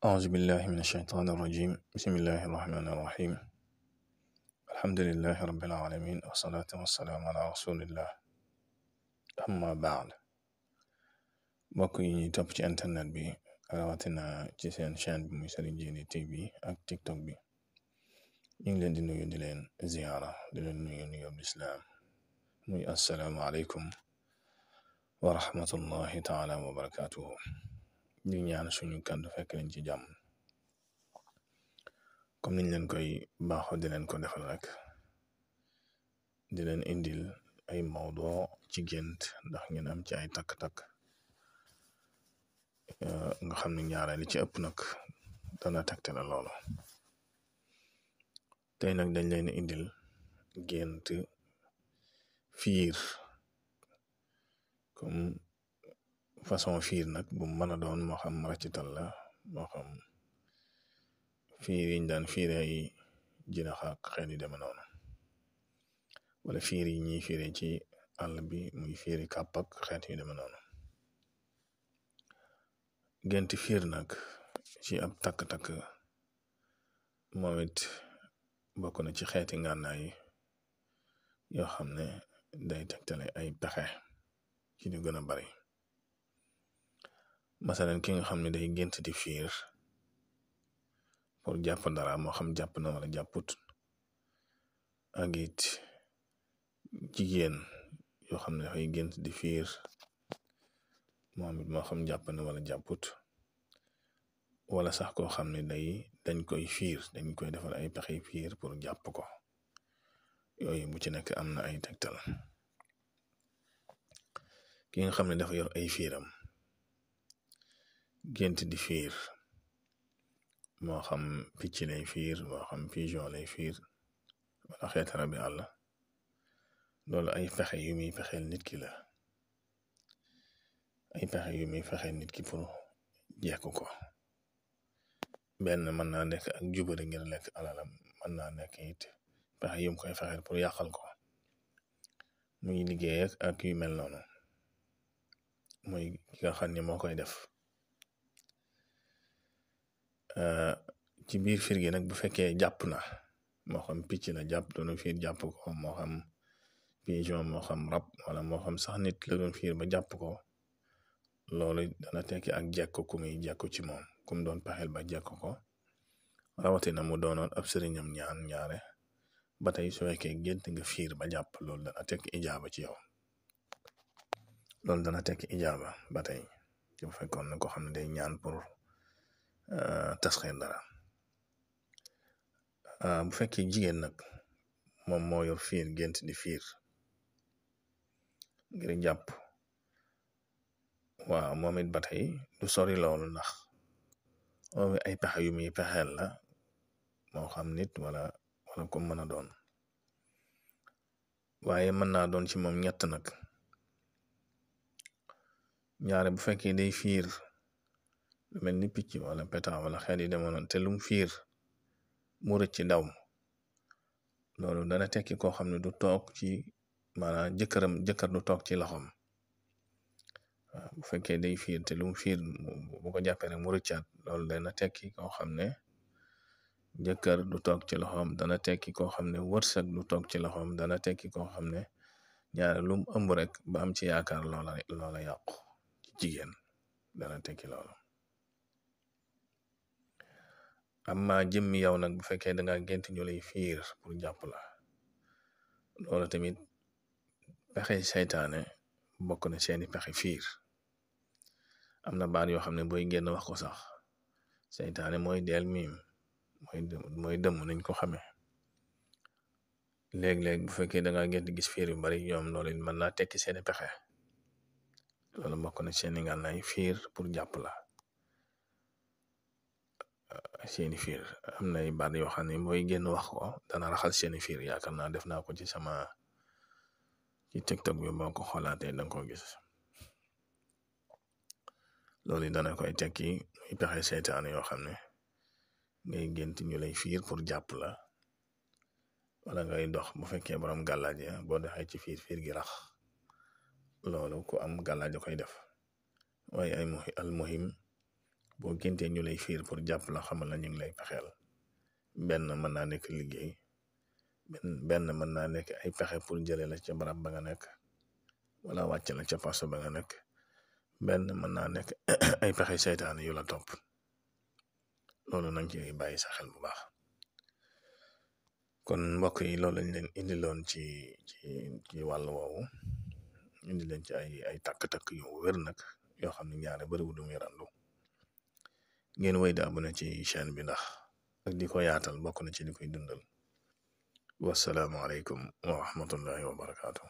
Auzubillahi mina shaytaani rajiim bismillahi rahmaani rahiim alhamdulillahi rabbil aalamiin baad mbokk yi ñuy topp ci internet bi rawatina ci seen chaîne bi muy Sëriñ Jéene TV ak TikTok bi ñu ngi leen di nuyu di leen ziyaara di leen nuyu nuyu lislaam muy assalaamu aleykum wa rahmatullahi taala wa barakaatuhu ñu ñaan suñu kàddu fekk leen ci jàmm comme niñ leen koy baaxoo di leen ko defal rek di leen indil ay mawdo ci gént ndax ngeen am ci ay takk-takk nga xam ne ñaare li ci ëpp nag dana tegte la loolu tey nag dañ leen indil gént fiir comme façon fiir nag bu mën a doon moo xam raccital la moo xam fiir yiñ daan fiire ay jina xaak xeen yu deme noonu wala fiir yi ñuy ci àll bi muy fiiri kàpp ak xeet yi deme noonu gént fiir nag ci ab takk-takk moom it na ci xeeti ngànnaay yoo xam ne day tegtale ay pexe ci ñu gën a bari masalan ki nga xam ne day gént di fiir pour jàpp dara moo xam jàpp na wala jàpput ak it jigéen yoo xam ne dafay gént di fiir moom moo xam jàpp na wala jàpput wala sax koo xam ne day dañ koy fiir dañ koy defal ay pexe fiir pour jàpp ko yooyu bu ci nekk am na ay tegtal ki nga xam ne dafa yor ay fiiram. gént di fiir moo xam picc lay fiir moo xam pigeon lay fiir wala xeet rabi àll loolu ay pexe yu muy nit ki la ay pexe yu muy nit ki pour jekku ko benn mën naa nekk ak jubari ngir lekk alalam mën naa nekk it pexe yu mu koy fexeel pour yàqal ko muy liggéey ak yu mel noonu mooy ki nga xam ne moo koy def Euh, ci biir fiir gi nag bu fekkee jàpp na moo picc la jàpp doonu fiir jàpp ko moo xam pigeon moo xam rab wala moo xam sax nit la ba jàpp ko loolu dana tekki ak jekko ku muy jekko ci moom kum doon pexeel ba jekko ko rawatina mu doonoon ab sëriñam ñaan ñaare ba tey su fekkee gént nga fiir ba jàpp loolu dana tekki ijaaba ci yow loolu dana tekk ijaaba ba tey fekkoon na ko xam ne day ñaan pour Euh, tas ngeen euh, bu fekkee jigéen nag moom moo yor fiir gént di fiir ngir jàpp waaw moom it ba tey du sori loolu ndax moom ay pexe yu muy pexeel la moo xam nit wala wala ko mën a doon waaye mën naa doon ci moom ñett nag ñaare bu fekkee day fiir mel ni picc wala petaan wala xeet yi demoon te lum fiir mu rëcc ci daw loolu dana tekki koo xam ne du toog ci maanaam jëkkëram jëkkër du toog ci loxoom waaw bu fekkee day fiir te lum fiir bu ko jàppee rek mu rëccaat loolu dana tekki koo xam ne jëkkër du toog ci loxoom dana tekki koo xam ne wërsëg du toog ci loxoom dana tekki koo xam ne ñaare lum ëmb rek ba am ci yaakaar loola loola jigéen dana tekki loolu. amma jëmmi yow nag bu fekkee da ngaa gént ñu lay fiir pour jàpp la loolu tamit pexe seytaane bokk na seeni pexe fiir am na baat yoo xam ne booy génn wax ko sax seytaane mooy deel miim mooy dëmm nañ ko xamee léeg-léeg bu fekkee da ngaa gént gis fiir yu bari ñoom loolu mën naa tekki seeni pexe loola bokk na seeni ngànnaay fiir pour jàpp la seeni fiir am na ay baat yoo xam ne mooy génn wax ko dana raxas seeni fiir yaakaar naa def naa ko ci sama ci tiktok bi boo ko xoolaatee danga ko gis loolu dana koy tekki muy pexe seytaane yoo xam ne ngay gént ñu lay fiir pour jàpp la wala ngay dox bu fekkee borom gàllaaj ya boo doxee ci fiir fiir gi rax loolu ku am gàllaaj koy def waaye ay muhim boo géntee ñu lay fiir pour jàpp la xamal na ñu ngi lay pexeel benn mën naa nekk liggéey benn benn mën naa nekk ay pexe pour jëlee la ca barab ba nga nekk wala wàcc la ca paso ba nga nekk benn mën naa nekk ay pexe seytaane yu la topp loolu nañ ci bàyyi sa xel bu baax kon mbokk yi loolu lañ leen indiloon ci ci ci wàll woowu indi leen ci ay ay takk-takk yu wér nag yoo xam ne ñaare bëriwul lu muy ngeen wéy di abonné ci chaîne bi ndax ak di ko yaatal bokk na ci li koy dundal wasalaamualeykum wa rahmatullahi wa barakaatu.